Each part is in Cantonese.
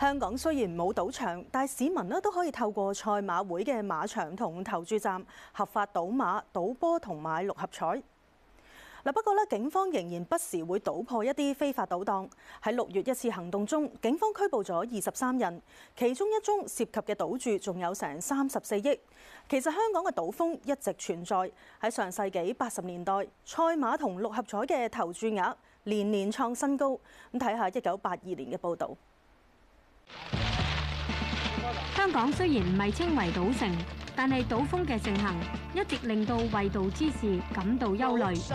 香港雖然冇賭場，但市民咧都可以透過賽馬會嘅馬場同投注站合法賭馬、賭波同買六合彩嗱。不過咧，警方仍然不時會搗破一啲非法賭檔。喺六月一次行動中，警方拘捕咗二十三人，其中一宗涉及嘅賭注仲有成三十四億。其實香港嘅賭風一直存在，喺上世紀八十年代，賽馬同六合彩嘅投注額年年創新高。咁睇下一九八二年嘅報道。香港雖然唔係稱為賭城，但係賭風嘅盛行一直令到衛道之士感到憂慮。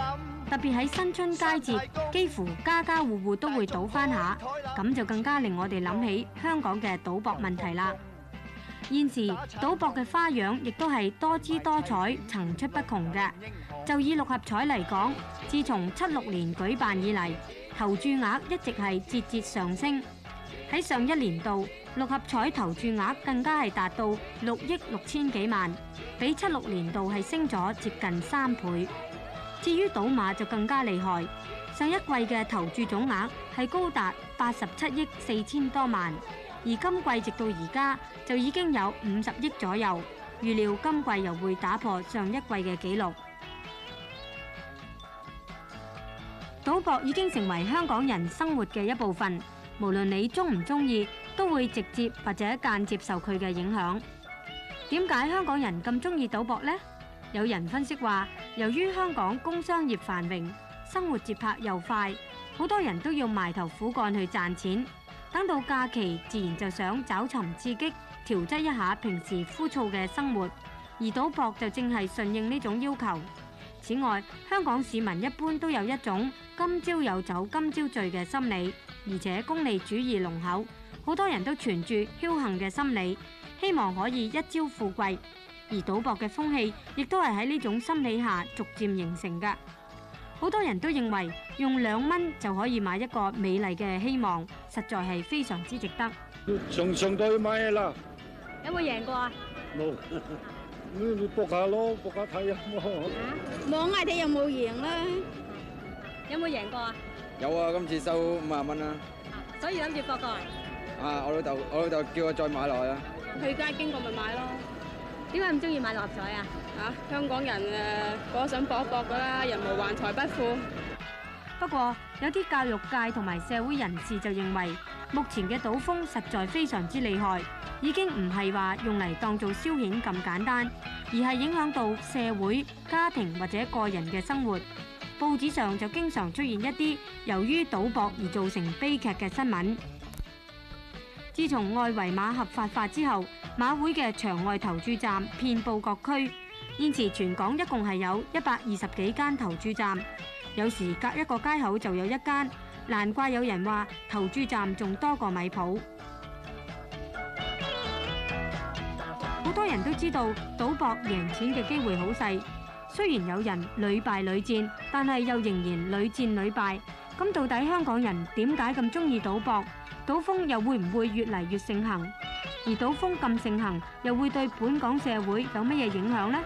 特別喺新春佳節，幾乎家家戶戶都會賭翻下，咁就更加令我哋諗起香港嘅賭博問題啦。現時賭博嘅花樣亦都係多姿多彩、層出不窮嘅。就以六合彩嚟講，自從七六年舉辦以嚟，投注額一直係節節上升。喺上一年度六合彩投注額更加係達到六億六千幾萬，比七六年度係升咗接近三倍。至於賭馬就更加厲害，上一季嘅投注總額係高達八十七億四千多萬，而今季直到而家就已經有五十億左右，預料今季又會打破上一季嘅紀錄。賭博已經成為香港人生活嘅一部分。無論你中唔中意，都會直接或者間接受佢嘅影響。點解香港人咁中意賭博呢？有人分析話，由於香港工商業繁榮，生活節拍又快，好多人都要埋頭苦幹去賺錢，等到假期自然就想找尋刺激，調劑一下平時枯燥嘅生活，而賭博就正係順應呢種要求。此外，香港市民一般都有一種今朝有酒今朝醉嘅心理，而且功利主義濃厚，好多人都存住僥倖嘅心理，希望可以一朝富貴。而賭博嘅風氣亦都係喺呢種心理下逐漸形成嘅。好多人都認為用兩蚊就可以買一個美麗嘅希望，實在係非常之值得。常常都去買啦，有冇贏過啊？冇。你搏下咯，搏下睇啊！網嗌睇有冇贏啦，有冇贏過啊？有啊，今次收五萬蚊啊！所以諗住搏個？啊！我老豆，我老豆叫我再買落去啊！去街經過咪買咯？點解唔中意買六合彩啊？啊！香港人誒，搏上搏搏噶啦，人無橫財不富。不過有啲教育界同埋社會人士就認為，目前嘅賭風實在非常之厲害。已經唔係話用嚟當做消遣咁簡單，而係影響到社會、家庭或者個人嘅生活。報紙上就經常出現一啲由於賭博而造成悲劇嘅新聞。自從外圍馬合法化之後，馬會嘅場外投注站遍佈各區，現時全港一共係有一百二十幾間投注站，有時隔一個街口就有一間，難怪有人話投注站仲多過米鋪。好多人都知道，賭博贏錢嘅機會好細。雖然有人屢敗屢戰，但係又仍然屢戰屢敗。咁到底香港人點解咁鍾意賭博？賭風又會唔會越嚟越盛行？而賭風咁盛行，又會對本港社會有乜嘢影響呢？